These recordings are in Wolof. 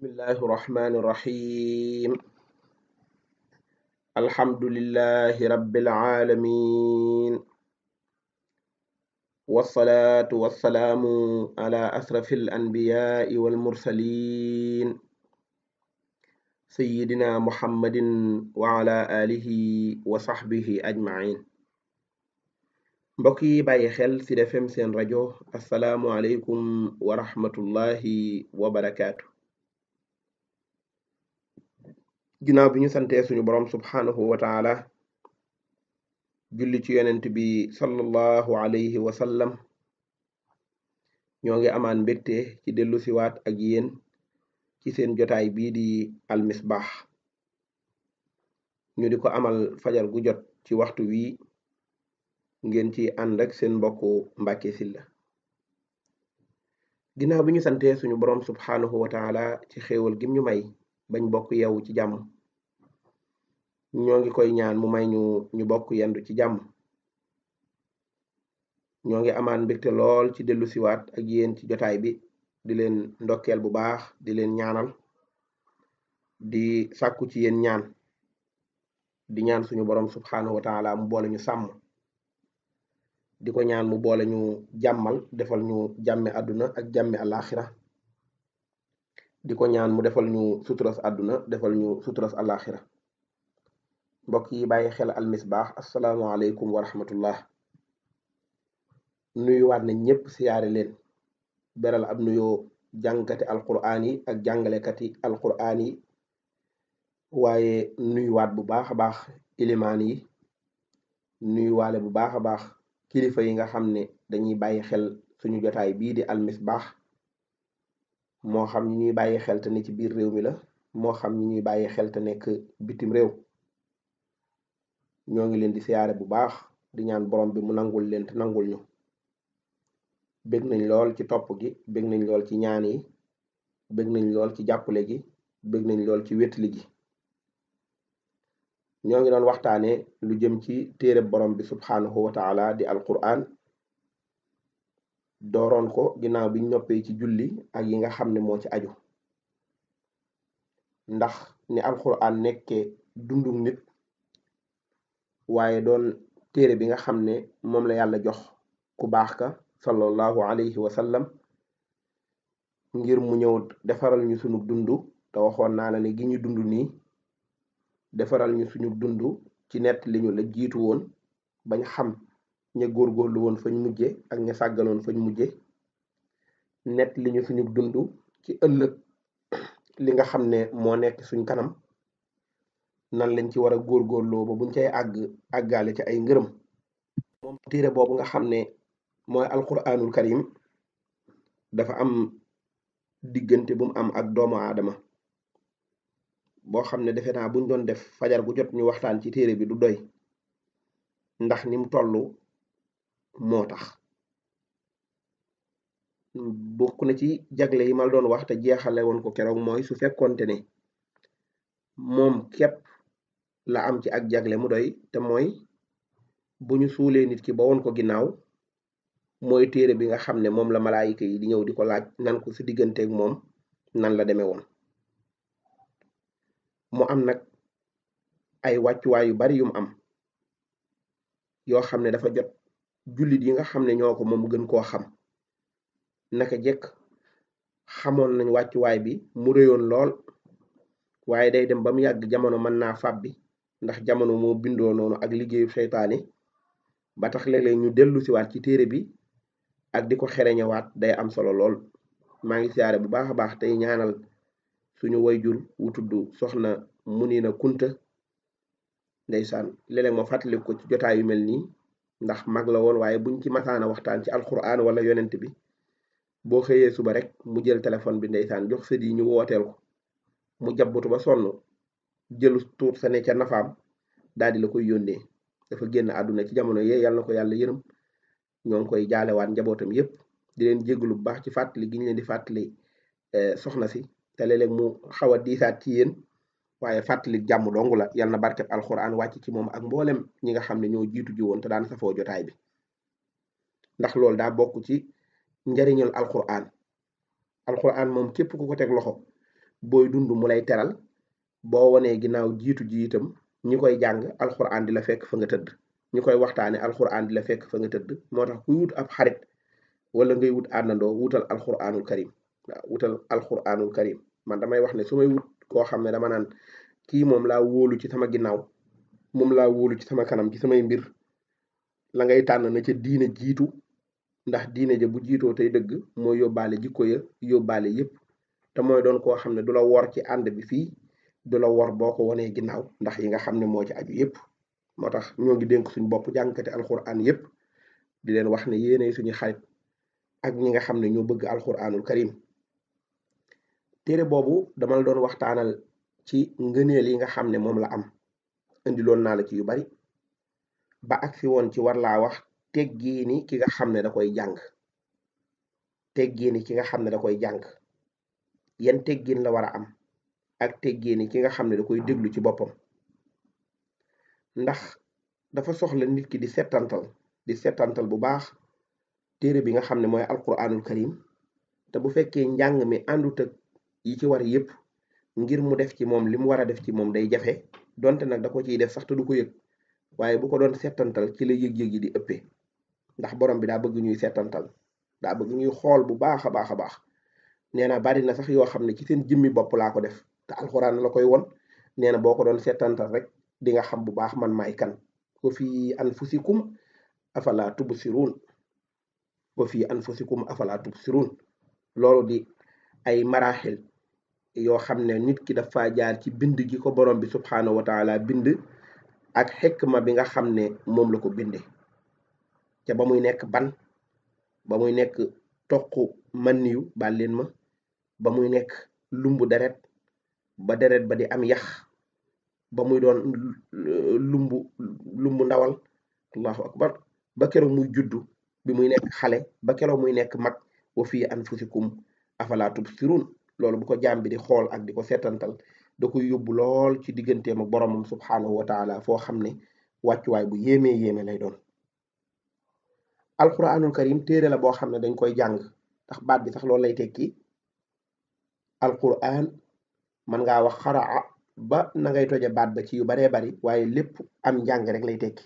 bismillahi rahmani rahim alhamdulillahi rabbil alamin wasalaatu wasalaamu ala asrafil anbiyaai wal mursalin sayyidina muhammadin wa ala alihi wa sahbihi ajmain mbokk yi bàyyi xel ci Sud FM seen rajo asalaamualeykum wa ginnaaw bi ñu santee suñu borom subhaanahu wa taala julli ci yonent bi sallallahu alayhi wa sallam ñoo ngi amaan mbégte ci dellu siwaat ak yéen ci seen jotaay bii di almisbaax ñu di ko amal fajar gu jot ci waxtu wii ngeen ci ànd ak seen mbokku Mbàkke Sylla ginnaaw bi ñu santee suñu borom subhaanahu wa taala ci xéewal gim ñu may bañ bokk yeewu ci jàmm ñoo ngi koy ñaan mu may ñu ñu bokk yendu ci jàmm ñoo ngi amaan mbégte lool ci dellu siwaat ak yéen ci jotaay bi di leen ndokkeel bu baax di leen ñaanal di sàkku ci yéen ñaan di ñaan suñu borom subhanahu wa mu boole ñu sàmm di ko ñaan mu boole ñu jàmmal defal ñu jàmme àdduna ak jàmme alaaxira di ko ñaan mu defal ñu suturas àdduna defal ñu suturas àllaaxira mbokk yi bàyyi xel almisbaax asalaamaaleykum wa rahmatullah nuyuwaat nañ ñëpp siyaare leen beral ab nuyoo jàngkati alquraan yi ak jàngalekati alquraan yi waaye nuyuwaat bu baax a baax ilimaan yi nuyuwaale bu baax a baax kilifa yi nga xam ne dañuy bàyyi xel suñu jotaay bii di almisbaax moo xam ñi ñuy bàyyi xel te ci biir réew mi la moo xam ñi ñuy bàyyi xel te nekk bitim réew ñoo ngi leen di siyaare bu baax di ñaan borom bi mu nangul leen te nangul ñu bég nañ lool ci topp gi bég nañ lool ci ñaan yi bëgg nañ lool ci jàppale gi bëgg nañ lool ci wétali gi ñoo ngi doon waxtaane lu jëm ci téereb borom bi subhanahu wa taala di alquran dooroon ko ginnaaw biñ noppee ci julli ak yi nga xam ne moo ci aju ndax ni alxuraan nekkee dundum nit waaye doon téere bi nga xam ne moom la yàlla jox ku baax ka sallallahu alayhi wa sallam ngir mu ñëw defaral ñu sunu dundu te waxoon naa la ne gi ñu dund nii defaral ñu suñu dundu ci nett li la jiitu woon bañ xam ña góorgóorlu woon fañ mujje ak ña sàgganoon fañ mujje nett li ñu suñu dund ci ëllëg li nga xam ne moo nekk suñ kanam nan lañ ci war a góorgóorloo ba buñ cay àgg àggaale ci ay ngërëm moom téere boobu nga xam ne mooy alquranul karim dafa am diggante bu mu am ak doomu aadama boo xam ne defe naa buñ doon def fajar gu jot ñu waxtaan ci téere bi du doy ndax ni mu toll moo tax bokk na ci jagle yi ma doon wax te jeexale woon ko keroog mooy su fekkoonte ne moom képp la am ci ag jagle mu doy te mooy bu ñu suulee nit ki ba woon ko ginnaaw mooy téere bi nga xam ne moom la malaayika yi di ñëw di ko laaj nan ko si digganteeg moom nan la demee woon mu am nag ay wàccuwaay yu bari yum am yoo xam ne dafa jot jullit yi nga xam ne ñoo ko moom gën koo xam naka jekk xamoon nañ wàccuwaay bi mu rëyoon lool waaye day dem ba mu yàgg jamono mën naa fàbbi ndax jamono moo bindoo noonu ak liggéeyu seytaane ba tax léeg-léeg ñu dellu siwaat ci téere bi ak di ko xereñewaat day am solo lool maa ngi siyaare bu baax a baax tey ñaanal suñu wayjur wu tudd soxna mu Munina Kunta ndeysaan léeg-léeg ma fàttaliku ko ci jotaay yu mel nii ndax mag la woon waaye buñ ci masaana waxtaan ci alquran wala yonent bi boo xëyee suba rek mu jël téléphone bi ndeysaan jox sët yi ñu wooteel ko mu jabbutu ba sonn jëlu tuut sa ne ca nafaam daal di la koy yónnee dafa génn àdduna ci jamono yee yàlla na ko yàlla yërëm ñoo ngi koy jaalewaat njabootam yëpp di leen jéggalu bu baax ci fàttali gi ñu leen di fàttali eh, soxna si te léeg mu xaw a diisaat ci yéen waaye fàttalik jàmm dong la yal na barkeb alxuraan wàcc ci moom ak mboolem ñi nga xam ne ñoo jiitu ji woon te daan safoo jotaay bi ndax loolu daa bokk ci njariñal njariñul alxuraan alxuraan moom képp ku ko teg loxo booy dund mu lay teral boo wanee ginnaaw jiitu ji itam ñi koy jàng alxuraan di la fekk fa nga tëdd ñi koy waxtaane alxuraan di la fekk fa nga tëdd moo tax kuy wut ab xarit wala ngay wut àndandoo wutal alxuraanul karim waaw wutal alxuraanul karim man damay wax ne su may koo xam ne dama naan kii moom laa wóolu ci sama ginnaaw moom laa wóolu ci sama kanam ci samay mbir la ngay tànn na ca diine jiitu ndax diine ja bu jiitoo tey dëgg mooy yóbbaale jikko ya yóbbaale yépp te mooy doon koo xam ne du la wor ci ànd bi fii du la wor boo ko wanee ginnaaw ndax yi nga xam ne moo ci aju yépp moo tax ñoo ngi dénk suñu bopp jàngkati alxuraan yépp di leen wax ne yéenay suñu xarit ak ñi nga xam ne ñoo bëgg alxuraanul karim téere boobu dama la doon waxtaanal ci ngëneel yi nga xam ne moom la am indi loon naa la ci yu bari ba ak fi woon ci war laa wax teggiini ki nga xam ne da koy jàng teggiini ki nga xam ne da koy jàng yan teggiin la war a am ak teggiini ki nga xam ne da koy déglu ci boppam ndax dafa soxla nit ki di settantal di setantal bu baax téere bi nga xam ne mooy alquranul karim te bu fekkee njàng mi àndut ak yi ci war yëpp ngir mu def ci moom li mu war a def ci moom day jafe donte nag da ko ciy def sax te du ko yëg waaye bu ko doon setantal ci la yëg-yëg yi di ëppee ndax borom bi daa bëgg ñuy setantal daa bëgg ñuy xool bu baax a baax a baax nee na bari na sax yoo xam ne ci seen jimmi bopp laa ko def te alxuraan la koy won nee na boo ko doon setantal rek dinga xam bu baax man maay kan wa fii anfusikum afala tubsirun wa fii anfusikum afala tubsirun loolu di ay maraaxil yoo xam ne nit ki fa jaar ci bind gi ko boroom bi subhaanahu wa taala bind ak xikma bi nga xam ne moom la ko binde te ba muy nekk ban ba muy nekk toq manniyu bàlleen ma ba muy nekk lumbu deret ba deret ba di am yax ba muy doon lumbu lumbu ndawal allahu akbar ba keroog muy juddu bi muy nekk xale ba keroog muy nekk mag wa fii anfusikum afala tubsirun loolu bu ko jaam bi di xool ak di ko seetantal da koy yóbbu lool ci digganteem ak boromam subhaanahu wa taala foo xam ne wàccuwaay bu yéemee yéeme lay doon alquranul karim téere la boo xam ne dañ koy jàng ndax baat bi sax loolu lay tekki alquran mën ngaa wax xaraa ba na ngay toje baat ba ci yu baree bari waaye lépp am njàng rek lay tekki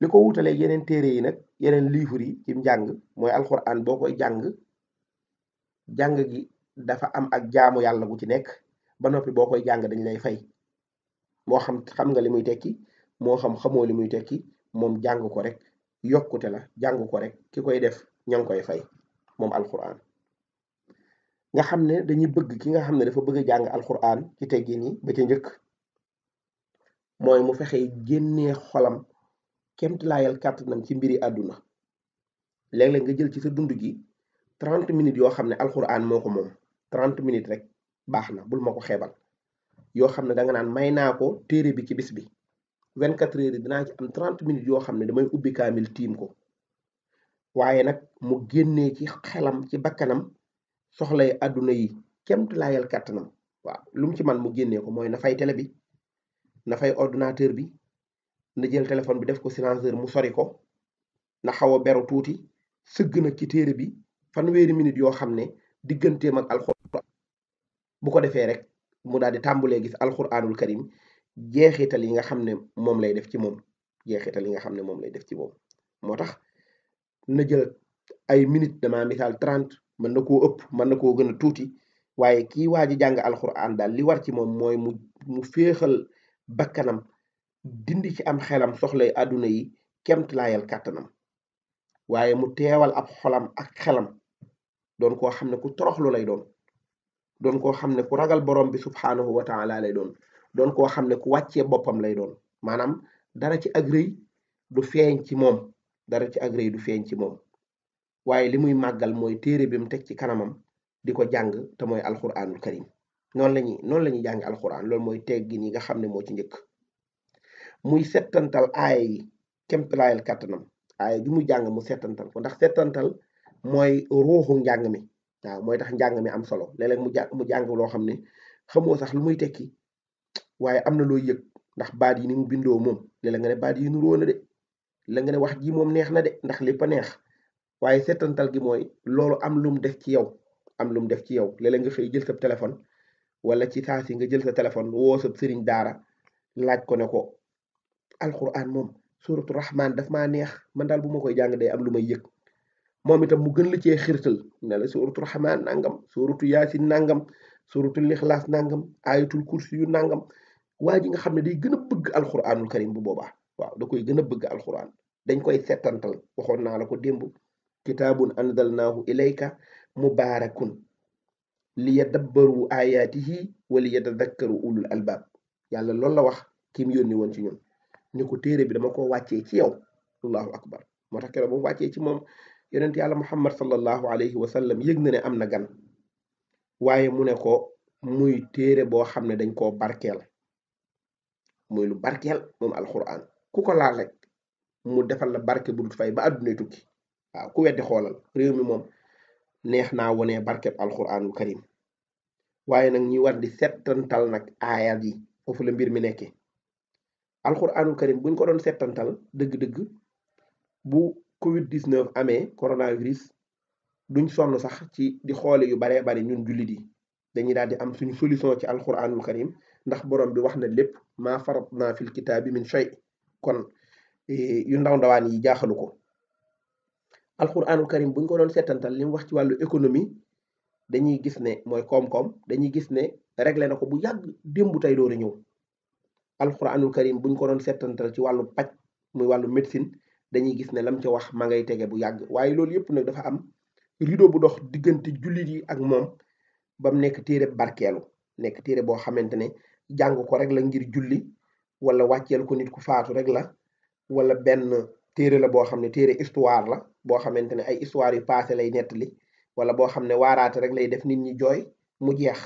li ko wutalee yeneen téere yi nag yeneen livre yi ci njàng mooy alquran boo koy jàng jàng gi dafa am ak jaamu yàlla gu ci nekk ba noppi boo koy jàng dañ lay fay moo xam xam nga li muy tekki moo xam li muy tekki moom jàng ko rek yokkute la jàng ko rek ki koy def ña ngi koy fay moom alxuraan nga xam ne dañuy bëgg ki nga xam ne dafa bëgg a jàng alquran ci teggin yi ba ca njëkk mooy mu fexe génnee xolam kemt laayal kàttanam ci mbiri àdduna léeg-léeg nga jël ci sa dund gi 30 minutes yoo xam ne alxuraan moo ko moom 30 minutes rek baax na bul ma ko xeebal yoo xam ne danga naan may naa ko téere bi ci bis bi 24 heures yi dinaa ci am 30 minutes yoo xam ne damay ubbi kaamil tiim ko waaye nag mu génnee ci xelam ci bakkanam soxlay àdduna yi kemtu laayal kàttanam waaw lu mu ci man mu génnee ko mooy na fay télé bi na fay ordinateur bi na jël téléphone bi def ko silenceur mu sori ko na xaw a beru tuuti sëgg nag ci téere bi fanweeri minute yoo xam ne digganteem ak alxuraan bu ko defee rek mu daal di tàmbulee gis alxuraanul karim jeexital yi nga xam ne moom lay def ci moom jeexital yi nga xam ne moom lay def ci moom moo tax na jël ay minute dama misaal trente mën na koo ëpp mën na koo gën a tuuti waaye kii waa ji jàng alxuraan daal li war ci moom mooy mu mu féexal bakkanam dindi ci am xelam soxlay àdduna yi kemtalaayal kàttanam waaye mu teewal ab xolam ak xelam don koo xam ne ku torox toroxlu lay doon doon koo xam ne ku ragal borom bi subhaanahu wa taala lay doon doon koo xam ne ku wàccee boppam lay doon maanaam dara ci ak du feeñ ci moom dara ci ak rëy du feeñ ci moom waaye li muy màggal mooy téere bi mu teg ci kanamam di ko jàng te mooy alquranul karim noonu la ñuy noonu la ñuy jàng alquran loolu mooy teggin yi nga xam ne moo ci njëkk muy settantal aaya yi kemtalaayal kàttanam aaya bi mu jàng mu settantal ko ndax settantal mooy ruuxu njàng mi waaw mooy tax njàng mi am solo léeg mu jàng mu jàng loo xam ne xamoo sax lu muy tekki waaye am na loo yëg ndax baat yi ni mu bindoo moom léeg-léeg nga ne baat yi nuroo na de la nga ne wax ji moom neex na de ndax lépp a neex waaye seetantal gi mooy loolu am lu mu def ci yow am lu mu def ci yow léeg nga xëy jël sa téléphone wala ci saa si nga jël sa téléphone woo sa sëriñ daara laaj ko ne ko alquran moom suratu rahman daf maa neex man daal bu ma koy jàng day am lu may yëg moom itam mu gën la cee xirtal ne la suratu rahman nangam suratu yaasin nangam suratul ixlaas nangam ayatul kursi yu nangam waa ji nga xam ne day gën a bëgg alquranul karim bu boobaa waaw da koy gën a bëgg alquran dañ koy settantal waxoon naa la ko démb kitaabun anzalnaahu ilayka mubaarakun liyadabbaru ayaatihi wa liyatadakkaru ulul albaab yàlla loolu la wax kiim mu yónni woon ci ñun ni ko téere bi dama ko wàccee ci yow allahu akbar moo tax keroog ba mu ci moom yonent yàlla muhammad sallallahu alayhi wa sallam yëg na ne am na gan waaye mu ne ko muy téere boo xam ne dañ koo barkeel muy lu barkeel moom alquran ku ko laal rek mu defal la barke bu dul fay ba àdduna tukki waaw ku weddi xoolal réew mi moom neex naa wonee barkeb alquranul karim waaye nag ñuy war di settantal nag aayat yi foofu la mbir mi nekkee alquranul karim buñ ko doon settantal dëgg-dëgg bu Covid 19 amee coronavirus duñ sonn sax ci di xoole yu baree bari ñun jullit yi dañuy daal di am suñu solution ci alquranul karim ndax borom bi wax na lépp maa naa fil kitaabi min shay kon eh, yu ndaw ndawaan yi jaaxalu ko alquranul karim buñ ko doon seetantal li mu wax ci wàllu économie dañuy gis ne mooy koom-koom dañuy gis ne réglé na ko bu yàgg démb tey door a ñëw alquranul karim buñ ko doon seetantal ci wàllu paj muy wàllu médecine dañuy gis ne lam ci wax ma ngay tege bu yàgg waaye loolu yëpp nag dafa am rideau bu dox diggante jullit yi ak moom ba mu nekk téere barkeelu nekk téere boo xamante ne jàng ko rek la ngir julli wala wàcceel ko nit ku faatu rek la wala benn téere la boo xam ne téere histoire la boo xamante ne ay histoire yu passé lay nettali wala boo xam ne waaraate rek lay def nit ñi jooy mu jeex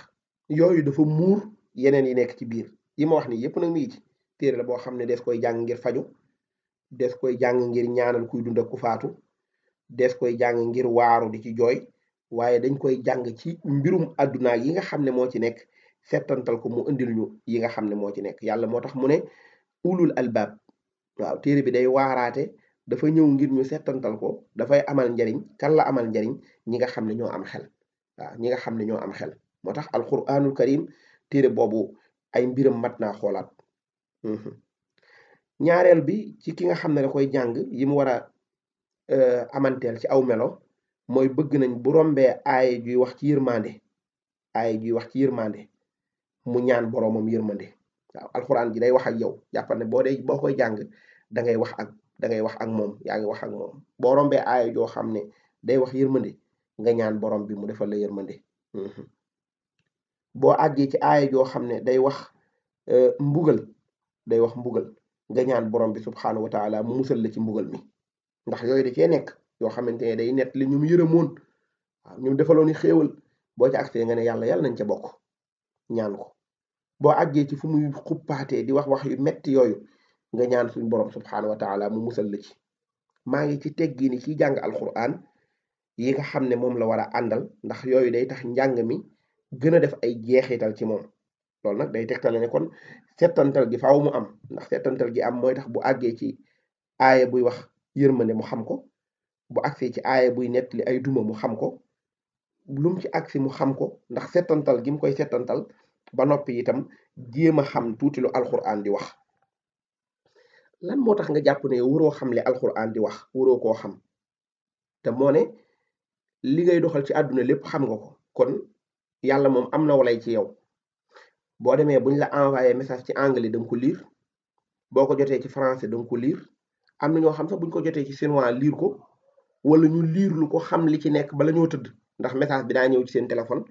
yooyu dafa muur yeneen yi nekk ci biir yi ma wax nii yëpp nag mi ngi ci téere la boo xam ne des koy jàng ngir faju des koy jàng ngir ñaanal kuy dund ak ku faatu des koy jàng ngir waaru di ci jooy waaye dañ koy jàng ci mbirum àdduna yi nga xam ne moo ci nekk settantal ko mu indil ñu yi nga xam ne moo ci nekk yàlla moo tax mu ne ulul albaab waaw téere bi day waaraate dafa ñëw ngir ñu settantal ko dafay amal njariñ kan la amal njariñ ñi nga xam ne ñoo am xel waaw ñi nga xam ne ñoo am xel moo tax alquranul karim téere boobu ay mbiram mat na xoolaat ñaareel bi ci ki nga xam ne da koy jàng yi mu war a euh, amanteel ci aw melo mooy bëgg nañ bu rombee aaye juy wax ci yërmande aaye juy wax ci yërmande mu ñaan boroomam yërmande waaw alxuraan ji day wax ak yow jàppal boo dee boo koy jàng dangay wax ak da ngay wax ak moom yaa ngi wax ak moom boo rombee aaye joo xam ne day wax yërmande nga ñaan borom bi mu defal la yërmande mhm. boo àggee ci aaya joo xam ne day wax euh, mbugal day wax mbugal nga ñaan borom bi subxanahu wa taala mu musal la ci mbugal mi ndax yooyu da cee nekk yoo xamante ne day nett li ñu mu yërëmoon waaw ñu defaloon i xéewal boo ci agsee nga ne yàlla yàlla nañ ca bokk ñaan ko boo àggee ci fu muy xuppaatee di wax wax yu metti yooyu nga ñaan suñ borom subxanahu wa taala mu musal la ci maa ngi ci teggi ni kiy jàng alquran yi nga xam ne moom la war a àndal ndax yooyu day tax njàng mi gën a def ay jeexital ci moom. loolu nag day tegtale ne kon settantal gi faaw mu am ndax settantal gi am mooy tax bu àggee ci aaya buy wax yërmande mu xam ko bu agsee ci aaya buy nettali ay duma mu xam ko lum ci agsi mu xam ko ndax settantal gi mu koy setantal ba noppi itam jéem a xam tuuti lu alxuraan di wax lan moo tax nga jàpp ne waroo xam li alxuraan di wax waroo koo xam te moo ne li ngay doxal ci àdduna lépp xam nga ko kon yàlla moom am na walay ci yow boo demee bu ñu la envoyé message ci anglais da ko liir boo ko jotee ci francais da nga ko lire am na ñoo xam sax ñu ko jotee ci chinois liir ko wala ñu liir lu ko xam li ci nekk bala ñoo tëdd ndax message bi daa ñëw ci seen téléphone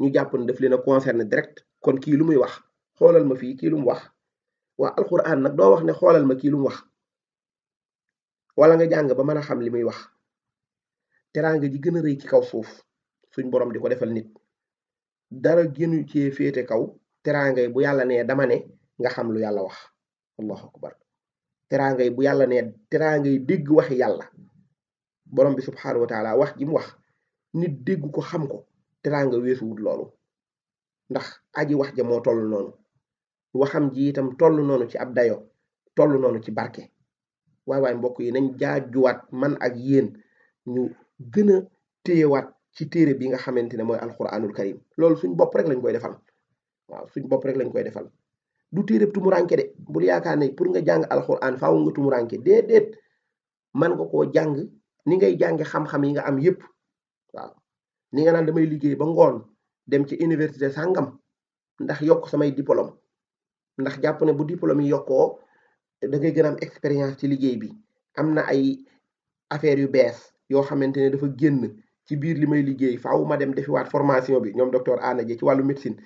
ñu jàpp ne daf leen a concerné direct kon kii lu muy wax xoolal ma fii kii lu mu wax waa alquran nag doo wax ne xoolal ma kii lu wax wala nga jàng ba mën a xam li muy wax teraanga ji gën a rëy ci kaw suuf suñ borom di ko defal nit dara gënu cee féete kaw teraangay bu yàlla nee dama ne nga xam lu yàlla wax allahu teraangay bu yàlla nee teraangay dégg waxi yàlla borom bi subxanahu wa taala wax ji mu wax nit dégg ko xam ko teraanga weesuwut loolu ndax aji wax ja moo toll noonu waxam ji itam toll noonu ci ab dayo toll noonu ci barke waay waay mbokk yi nañ jaajuwaat man ak yéen ñu gën a téyewaat ci téere bi nga xamante ne mooy alquranul karim loolu suñ bopp rek lañ koy defal waaw suñ bopp rek lañ koy defal du téereb tumuranke de bul yaakaar ne pour nga jàng alxuraan faaw nga tumuranke déedéet man nga koo jàng ni ngay jànge xam-xam yi nga am yépp waaw ni nga naan damay liggéey ba ngoon dem ci université sàngam ndax yokk samay diplôme ndax jàpp ne bu diplôme yi yokkoo da ngay gën a am expérience ci liggéey bi am na ay affaire yu bees yoo xamante ne dafa génn ci biir li may liggéey faaw ma dem defiwaat formation bi ñoom docteur Anna Dieng ci wàllu médecine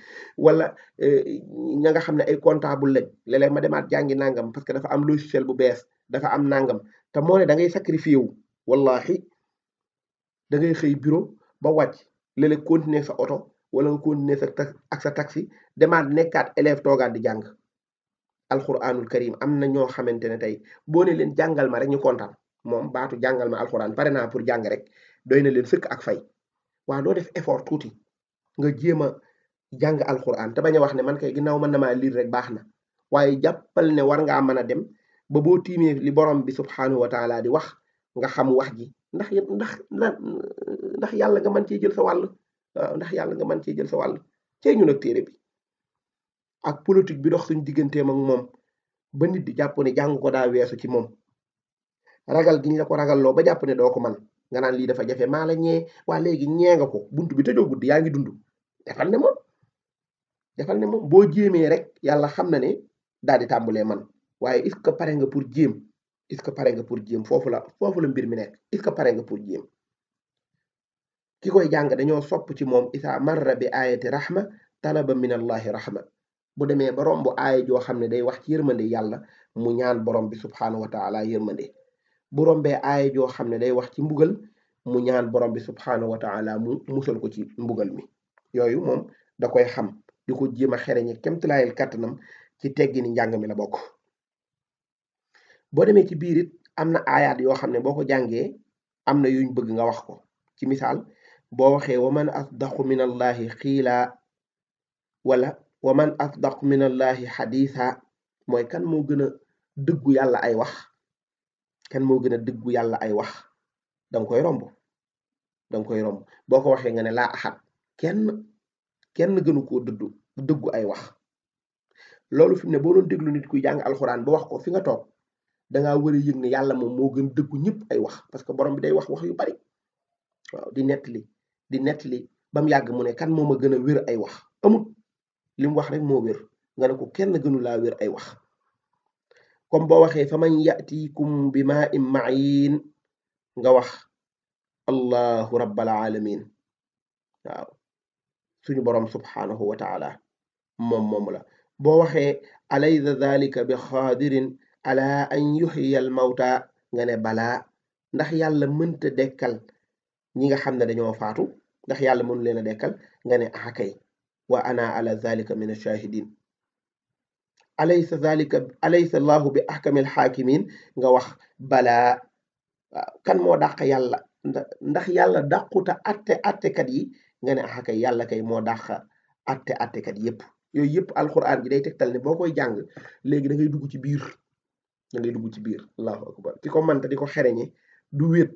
wala e, ña nga xam ne ay comptable lañ léeg-léeg ma demaat jàngi nangam parce que dafa am logiciel bu bees dafa am nangam te moo ne da ngay sacrifié wu wallahi da ngay xëy bureau ba wàcc léeg-léeg continuer sa oto wala nga continuer sa ta ak sa taxi demaat nekkaat élève toogaat di jàng alquranul karim am na ñoo xamante ne tey boo leen jàngal ma rek ñu kontaan moom baatu jàngal ma alquran pare naa pour jàng rek doy na leen sëkk ak fay waaw doo def effort tuuti nga jéem a jàng alxuraan te bañ a wax ne man kay ginnaaw mën na maa liir rek baax na waaye jàppal ne war ngaa mën a dem ba boo tiimee li borom bi subxanahu wa taala di wax nga xam wax ji ndax ndax ndax yàlla nga mën cee jël sa wàll waaw ndax yàlla nga mën cee jël sa wàll cee ñu nag téere bi ak politique bi dox suñu digganteem ak moom ba nit di jàpp ne jàng ko daa weesu ci moom ragal gi ñu la ko ragalloo ba jàpp ne doo ko man nga naan lii dafa jafe maa la ñee waa léegi ñee nga ko bunt bi tëjoo guddi yaa ngi dund defal ne moom defal ne moom boo jéemee rek yàlla xam na ne daal di tàmbulee man waaye est que pare nga pour jéem est que pare nga pour jéem foofu la foofu la mbir mi nekk est-ce pare nga pour jéem ki koy jàng dañoo sopp ci moom isaa marra bi ayati rahma talaba min allahi rahma bu demee ba romb aaya joo xam ne day wax ci yërmande yàlla mu ñaan borom bi subhaanahu wa taala yërmande bu rombee aaya joo xam ne day wax ci mbugal mu ñaan borom bi subhaanahu wa mu musal ko ci mbugal mi yooyu moom da koy xam di ko jéem a xereñe kemtalaayal kàttanam ci teggini njàng mi la bokk boo demee ci biir it am na aayaat yoo xam ne boo ko jàngee am na yuñ bëgg nga wax ko ci misaal boo waxee wa waman asdaqu min allahi xiilaa wala waman asdaqu min allahi xadiisa mooy kan moo gën a dëggu yàlla ay wax kan moo gën a dëggu yàlla ay wax danga koy romb danga koy romb boo ko waxee nga ne laa axat kenn kenn gënu koo dëddu dëggu ay wax loolu fi ne boo doon déglu nit kuy jàng alxuraan ba wax ko fi nga toog dangaa war yëg ne yàlla moom moo gën dëggu ñëpp ay wax parce que borom bi day wax wax yu bari waaw di nettali di nettali ba mu yàgg mu ne kan moom a gën a wér ay wax amut li mu wax rek moo wér nga ne ko kenn gënu laa wér ay wax comme boo waxee faman yatiikum bi maa im mayin nga wax allahu rabbal alamin waaw suñu boroom subhaanahu wa taala moom moomu la boo waxee alaysa dalika bi xaadirin ala an yuxiya al mawta nga balaa ndax yàlla mënta dekkal ñi nga xam ne dañoo faatu ndax yàlla mënu leen a dekkal nga ne akay ah, wa ana ala zalika min ashahidin alaysa zalika alaysa allahu bi ahkamil xaakimin nga wax balaa kan moo dàq yàlla ndax yàlla dàquta atte attekat yi nga ne ah kay yàlla kay moo dàq atte attekat yépp yooyu yëpp alquran bi day tal ne boo koy jàng léegi da ngay dugg ci biir da ngay dugg ci biir allahu akbar ki ko manta di ko xereñe du wéet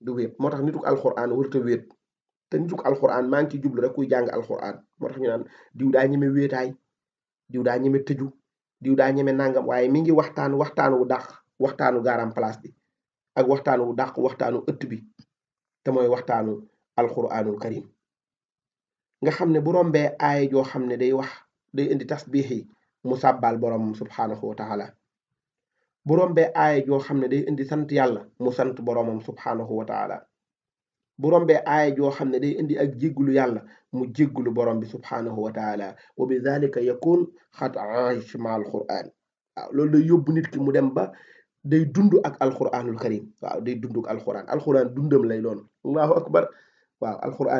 du wéet moo tax nituk alquran wërta wéet te nituk alquran maa ngi ci jublu rek kuy jàng alquran moo tax ñu naan diw daa ñeme diw daa ñeme tëju diw daa ñeme nangam waaye mi ngi waxtaan waxtaanu wu dàq waxtaanu garam place bi ak waxtaan wu dàq waxtaanu ëtt bi te mooy waxtaanu alquranul karim nga xam ne bu rombee aaya joo xam ne day wax day indi tasbiix yi mu sàbbaal borom subhaanahu wa taala bu rombee aaya joo xam ne day indi sant yàlla mu sant boromam subhaanahu wa taala bu rombee aaya joo xam ne day indi ak jéggulu yàlla mu jéggulu borom bi subhaanahu wa taala wa bi dalika yakun xat ange ma alquran waaw loolu day yóbbu nit ki mu dem ba day dund ak alquranul karim waaw day dund ak alquran dundam lay doon allahu akbar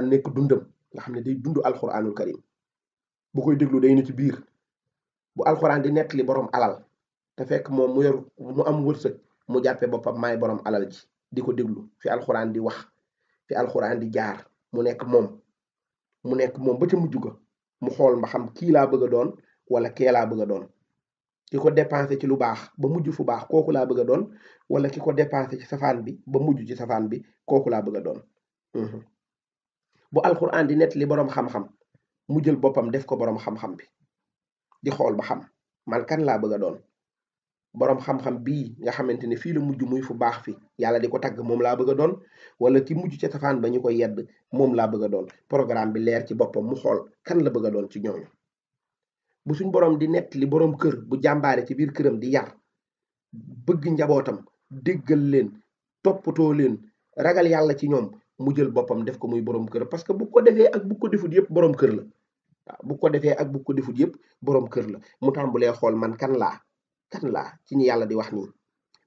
nekk dundam nga xam ne day dund alquranul karim bu koy déglu day na ci biir bu alquran di nekk li borom alal te fekk moom mu yor mu am wërsëg mu jàppee boppam maay borom alal ji di ko déglu fi alquran di wax fi alxuraan di jaar mu nekk moom mu nekk moom ba ca mujj ga mu xool ma xam kii laa bëgg a doon wala kee laa bëgg a doon ki ko dépensé ci lu baax ba mujj fu baax kooku laa bëgg a doon wala ki ko dépensé ci safaan bi ba mujj ci safaan bi kooku laa bëgg a doon mhm. bu alxuraan di nett li boroom xam-xam mu jël boppam def ko boroom xam-xam bi di xool ba xam man kan laa bëgg a doon boroom xam-xam bii nga xamante ne fii la mujj muy fu baax fi yàlla di ko tagg moom laa bëgg a doon wala ki mujj ca safaan ba ñu koy yedd moom laa bëgg doon programme bi leer ci boppam mu xool kan la bëgg a doon ci ñooñu bu suñ borom di nett li boroom kër bu jàmbaare ci biir këram di yar bëgg njabootam déggal leen toppatoo leen ragal yàlla ci ñoom mu jël boppam def ko muy boroom kër parce que bu ko defee ak bu ko defut yëpp boroom kër la waaw bu ko defee ak bu ko yëpp boroom kër la mu tàmbulee xool man kan laa kan laa ci ñu yàlla di wax nii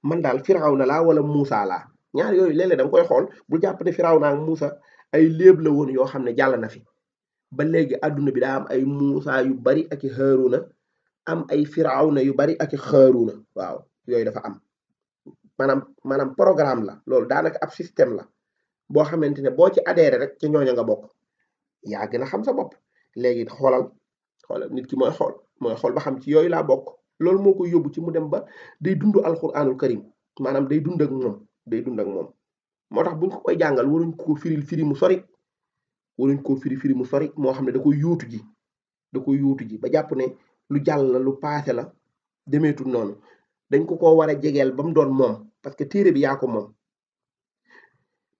man daal na laa wala muusa laa ñaar yooyu léeg-léeg koy xool bu jàpp ne firawna ak muusa ay léeb la woon yoo xam ne jàll na fi ba léegi àdduna bi daa am ay muusa yu bari ak i xaaruna am ay firawna yu bari ak i xaaruna waaw yooyu dafa am maanaam maanaam programme la loolu daanaka ab système la boo xamante ne boo ci adhéré rek ci ñooña nga bokk yaa gën a xam sa bopp léegi xoolal xoolal nit ki mooy xool mooy xool ba xam ci yooyu laa bokk loolu moo koy yóbbu ci mu dem ba day dund alxuraanul karim maanaam day dund ak moom day dund ak moom moo tax buñ ko koy jàngal waruñ ko firil firi mu sori waruñ koo firi firi mu sori moo xam ne da koy yóotu ji da koy yóotu ji ba jàpp ne lu jàll la lu paase la demeetul noonu dañ ko koo war a jegeel ba mu doon moom parce que téere bi yaa ko moom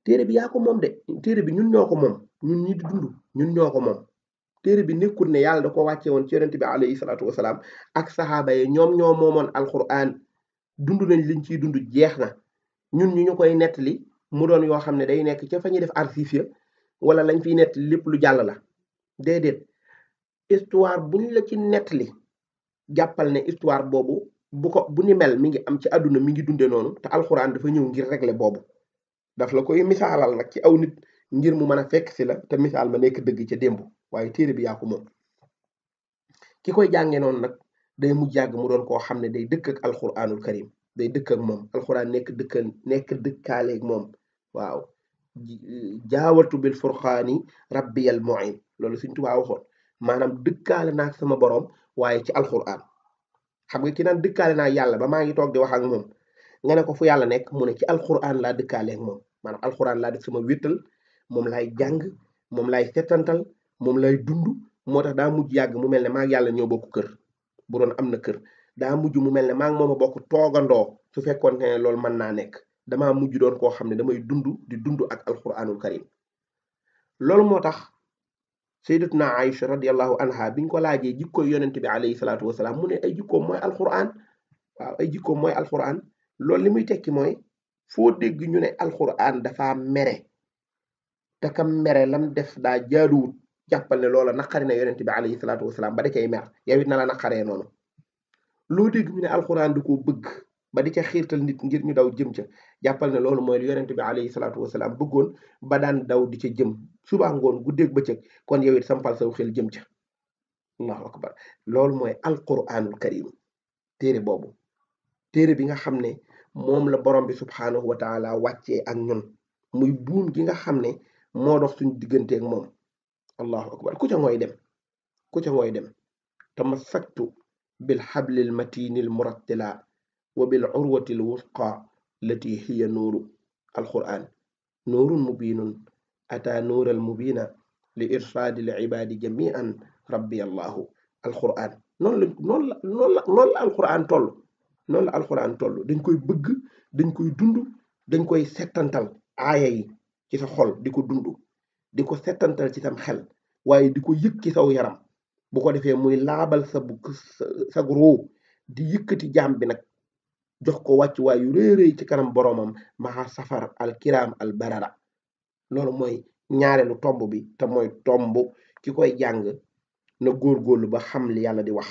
téere bi yaa ko moom de téere bi ñun ñoo ko moom ñun ñi di dund ñun ñoo ko moom téere bi nekkut ne yàlla da ko wàcce woon ci yonente bi alayhi salaatu wasalaam ak saxaaba yi ñoom ñoo moomoon alquran dund nañ liñ ciy dund jeex na ñun ñu ñu koy nettali mu doon yoo xam ne day nekk ca fa ñuy def archive ya wala lañ fiy nettali lépp lu jàll la déedéet histoire buñ la ci nettali jàppal ne histoire boobu bu ko bu ni mel mi ngi am ci àdduna mi ngi dunde noonu te alquran dafa ñëw ngir régler boobu daf la koy misaalal nag ci aw nit ngir mu mën a fekk si la te misaal ma nekk dëgg ca démb waaye téere bi yaa moom ki koy jàngee noonu nag day mujj yàgg mu doon koo xam ne day dëkk ak alquranul karim day dëkka moom alquran nekk dëkka nekk dëkkaaleeg moom waaw jaawatu bil furqaani rabbiyal muin loolu suñ tubaa waxoon maanaam dëkkaale naag sama borom waaye ci alquran xam nga ki naan dëkkaale naa yàlla ba maa ngi toog di wax moom nga ne ko fu yàlla nekk mu ne ci alquran laa dëkkaaleeg moom maanaam alquran laa def sama wéttal moom laay jàng moom lay settantal moom lay dund moo tax daa mujj yàgg mu mel ne maag yàlla ñoo bokk kër bu doon am na kër daa mujj mu mel ne maag moom a bokk toogandoo su fekkoon ne loolu mën naa nekk damaa mujj doon koo xam ne damay dund di dund ak alquranul karim loolu moo tax sayyidatuna Aïcha radiallahu anha biñ ko laajee jikko yonente bi alayhi salaatu wasalaam mu ne ay jikkoom mooy alquran waaw ay jikkoom mooy alquran loolu li muy tekki mooy foo dégg ñu ne alquran dafa mere te kam mere lam def daa jaaduwut jàppal ne loola naqari na yonent bi alayhi salaatu wasalaam ba da cay mer yow it na la naqaree noonu loo dégg ñu ne alxuraan di ko bëgg ba di ca xiirtal nit ngir ñu daw jëm ca jàppal ne loolu mooy yonent bi alayhi salaatu wasalaam bëggoon ba daan daw di ca jëm suba ngoon guddeeg bëccëg kon yow it sampal xel jëm ca allahu akbar loolu mooy alquranul karim téere boobu téere bi nga xam ne moom la borom bi subhaanahu wa taala wàccee ak ñun muy buum gi nga xam ne moo dox suñ digganteek moom allahu akbar ku ca mooy dem ku ca mooy dem tamassaktu bil xablil matinil murattila wa bil urwatil wusqa lati hiya nuuru alquran nuurun mubinun ata nuural mubina li irsaadi li ibaadi jamian rabbi allahu alquran noonu la noonu la noonu la noonu la alquran toll noonu dañ koy bëgg dañ koy dund dañ koy settantal aaya yi ci sa xol di ko dund di ko settantal ci sam xel waaye di ko yëg ci saw yaram bu ko defee muy laabal sa bu sa ruu di yëkkati jaam bi nag jox ko wàccuwaay yu rëy rëy ci kanam boromam maxa safar al kiram al barara loolu mooy ñaareelu tomb bi te mooy tomb ki koy jàng na góor góorlu ba xam li yàlla di wax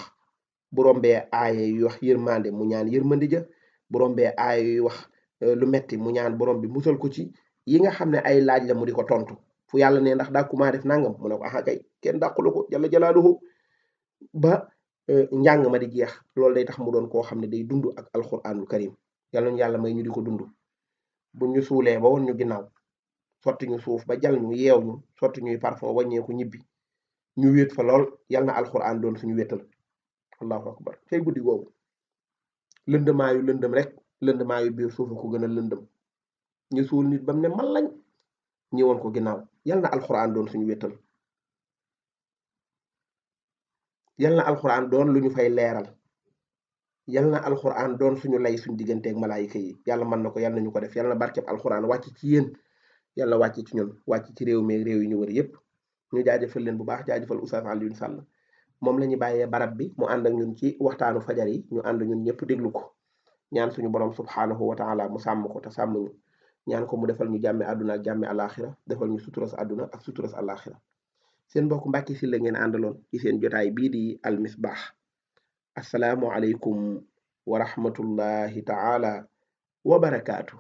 bu rombee aaye yuy wax yërmande mu ñaan yërmande ja bu rombee aaye yuy wax eh, lu metti mu ñaan borom bi musal ko ci yi nga xam ne ay laaj la mu di ko tontu fu yàlla ne ndax dàkku maa def na mu ne ko ah kay kenn dàqulu ko jalla jalaaluhu ba e, njàng ma di jeex loolu day tax mu doon koo xam ne day dund ak alquranul karim yàlla yàlla may ñu di ko dund bu ñu suulee ba woon ñu ginnaaw sotti ñu suuf ba jal ñu yeew ñu sotti ñuy parfum wàññeeku ñibbi ñu wéet fa lool yal na alquran doon suñu wéetal allahu akbar tey guddi googu lëndëmaayu lëndëm rek lëndëmaayu biir suuf ko gën a lëndëm ñu suul nit ba ne man ñi ko ginnaaw yal na alxuraan doon suñu wéttal yal na alxuraan doon lu ñu fay leeral yal na alxuraan doon suñu lay suñ digganteeg malaayika yi yàlla mën na ko yal na ñu ko def yal barkeb alxuraan wàcc ci yéen yàlla wàcc ci ñun wàcc ci réew mi réew yi ñu wër yépp ñu jaajëfal leen bu baax jaajëfal Oustaz Alioune Sall moom la ñu bàyyee barab bi mu ànd ak ñun ci waxtaanu fajar yi ñu ànd ñun ñëpp déglu ko ñaan suñu borom subhaanahu wa taala mu sàmm ko te sàmm ñaan ko mu defal ñu jàmme àdduna ak jàmme alaxira defal ñu suturas àdduna ak suturas alaxira seen mbokk Mbàkke Sylla ngeen àndaloon ci seen jotaay bii di Al Misbah asalaamu aleykum wa rahmatullahi taala wa barakaatu